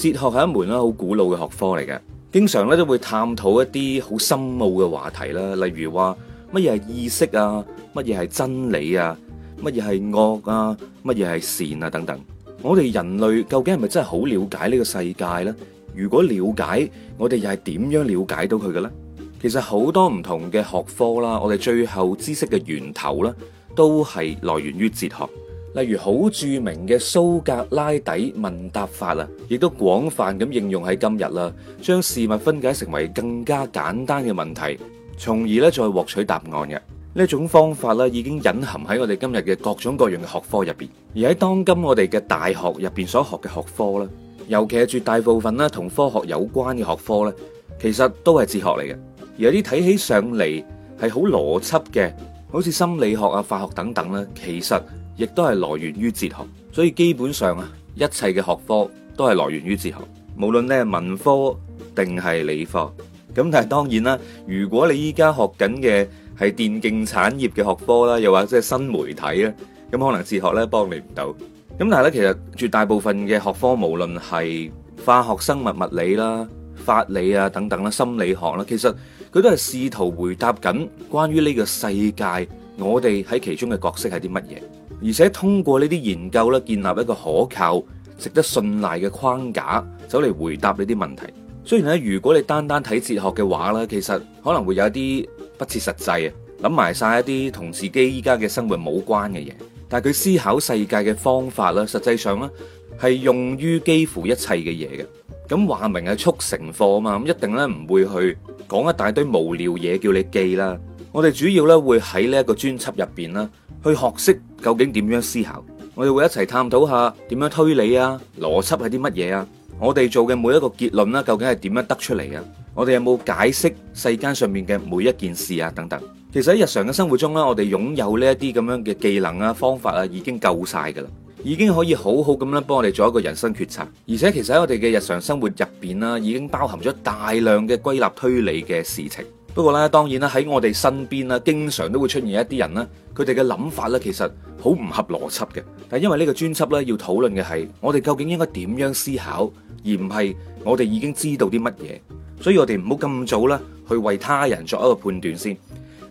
哲學係一門啦，好古老嘅學科嚟嘅，經常咧都會探討一啲好深奧嘅話題啦，例如話乜嘢係意識啊，乜嘢係真理啊，乜嘢係惡啊，乜嘢係善啊等等。我哋人類究竟係咪真係好了解呢個世界呢？如果了解，我哋又係點樣了解到佢嘅咧？其實好多唔同嘅學科啦，我哋最後知識嘅源頭啦，都係來源於哲學。例如好著名嘅蘇格拉底問答法啊，亦都廣泛咁應用喺今日啦。將事物分解成為更加簡單嘅問題，從而咧再獲取答案嘅呢種方法咧，已經隱含喺我哋今日嘅各種各樣嘅學科入邊。而喺當今我哋嘅大學入邊所學嘅學科，尤其係絕大部分咧同科學有關嘅學科咧，其實都係哲學嚟嘅。而有啲睇起上嚟係好邏輯嘅，好似心理學啊、化學等等咧，其實。亦都係來源於哲學，所以基本上啊，一切嘅學科都係來源於哲學，無論你係文科定係理科。咁但係當然啦，如果你依家學緊嘅係電競產業嘅學科啦，又或者係新媒體啦，咁可能哲學咧幫你唔到。咁但係咧，其實絕大部分嘅學科，無論係化學、生物、物理啦、法理啊等等啦、心理學啦，其實佢都係試圖回答緊關於呢個世界，我哋喺其中嘅角色係啲乜嘢。而且通過呢啲研究咧，建立一個可靠、值得信賴嘅框架，走嚟回答呢啲問題。雖然咧，如果你單單睇哲學嘅話咧，其實可能會有一啲不切實際，諗埋晒一啲同自己依家嘅生活冇關嘅嘢。但係佢思考世界嘅方法咧，實際上咧係用於幾乎一切嘅嘢嘅。咁話明係速成課啊嘛，咁一定咧唔會去講一大堆無聊嘢叫你記啦。我哋主要咧會喺呢一個專輯入邊啦，去學識究竟點樣思考。我哋會一齊探討下點樣推理啊、邏輯係啲乜嘢啊。我哋做嘅每一個結論啦，究竟係點樣得出嚟啊？我哋有冇解釋世間上面嘅每一件事啊？等等。其實喺日常嘅生活中咧，我哋擁有呢一啲咁樣嘅技能啊、方法啊，已經夠晒噶啦，已經可以好好咁樣幫我哋做一個人生決策。而且其實喺我哋嘅日常生活入邊啦，已經包含咗大量嘅歸納推理嘅事情。不過咧，當然啦，喺我哋身邊啦，經常都會出現一啲人咧，佢哋嘅諗法咧，其實好唔合邏輯嘅。但因為呢個專輯咧，要討論嘅係我哋究竟應該點樣思考，而唔係我哋已經知道啲乜嘢，所以我哋唔好咁早啦，去為他人作一個判斷先。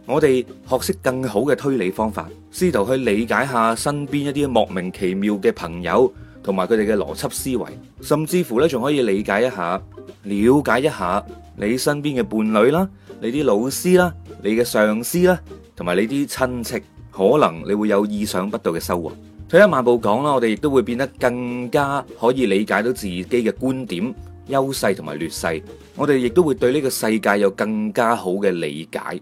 我哋學識更好嘅推理方法，試圖去理解下身邊一啲莫名其妙嘅朋友，同埋佢哋嘅邏輯思維，甚至乎咧，仲可以理解一下、了解一下。你身邊嘅伴侶啦，你啲老師啦，你嘅上司啦，同埋你啲親戚，可能你會有意想不到嘅收穫。退一萬步講啦，我哋亦都會變得更加可以理解到自己嘅觀點、優勢同埋劣勢。我哋亦都會對呢個世界有更加好嘅理解。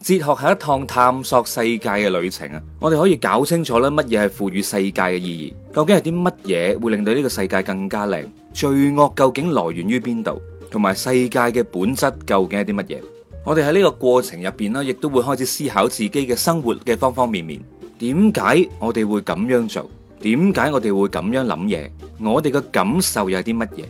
哲學係一趟探索世界嘅旅程啊！我哋可以搞清楚咧，乜嘢係賦予世界嘅意義？究竟係啲乜嘢會令到呢個世界更加靚？罪惡究竟來源於邊度？同埋世界嘅本質究竟係啲乜嘢？我哋喺呢個過程入邊呢，亦都會開始思考自己嘅生活嘅方方面面。點解我哋會咁樣做？點解我哋會咁樣諗嘢？我哋嘅感受又係啲乜嘢？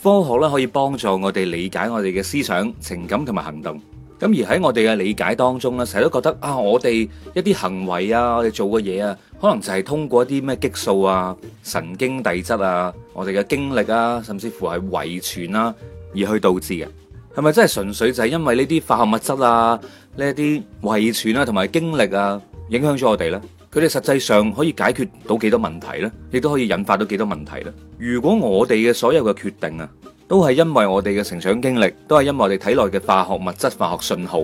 科學咧可以幫助我哋理解我哋嘅思想、情感同埋行動。咁而喺我哋嘅理解當中呢，成日都覺得啊，我哋一啲行為啊，我哋做嘅嘢啊，可能就係通過一啲咩激素啊、神經遞質啊，我哋嘅經歷啊，甚至乎係遺傳啊。而去導致嘅，係咪真係純粹就係因為呢啲化學物質啊、呢啲遺傳啊同埋經歷啊影響咗我哋呢？佢哋實際上可以解決到幾多問題呢？亦都可以引發到幾多問題呢？如果我哋嘅所有嘅決定啊，都係因為我哋嘅成長經歷，都係因為我哋體內嘅化學物質、化學信號，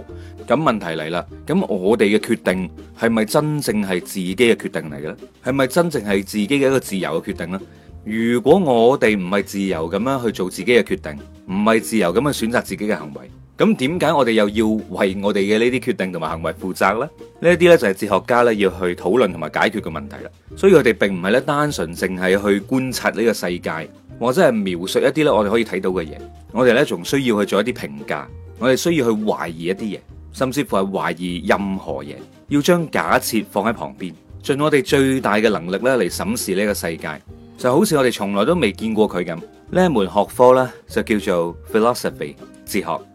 咁問題嚟啦。咁我哋嘅決定係咪真正係自己嘅決定嚟嘅咧？係咪真正係自己嘅一個自由嘅決定呢？如果我哋唔係自由咁樣去做自己嘅決定，唔係自由咁樣選擇自己嘅行為，咁點解我哋又要為我哋嘅呢啲決定同埋行為負責呢？呢一啲呢就係哲學家呢要去討論同埋解決嘅問題啦。所以我哋並唔係呢單純淨係去觀察呢個世界，或者係描述一啲呢我哋可以睇到嘅嘢。我哋呢仲需要去做一啲評價，我哋需要去懷疑一啲嘢，甚至乎係懷疑任何嘢，要將假設放喺旁邊，盡我哋最大嘅能力呢嚟審視呢個世界。就好似我哋從來都未見過佢咁，呢一門學科咧就叫做 philosophy，哲學。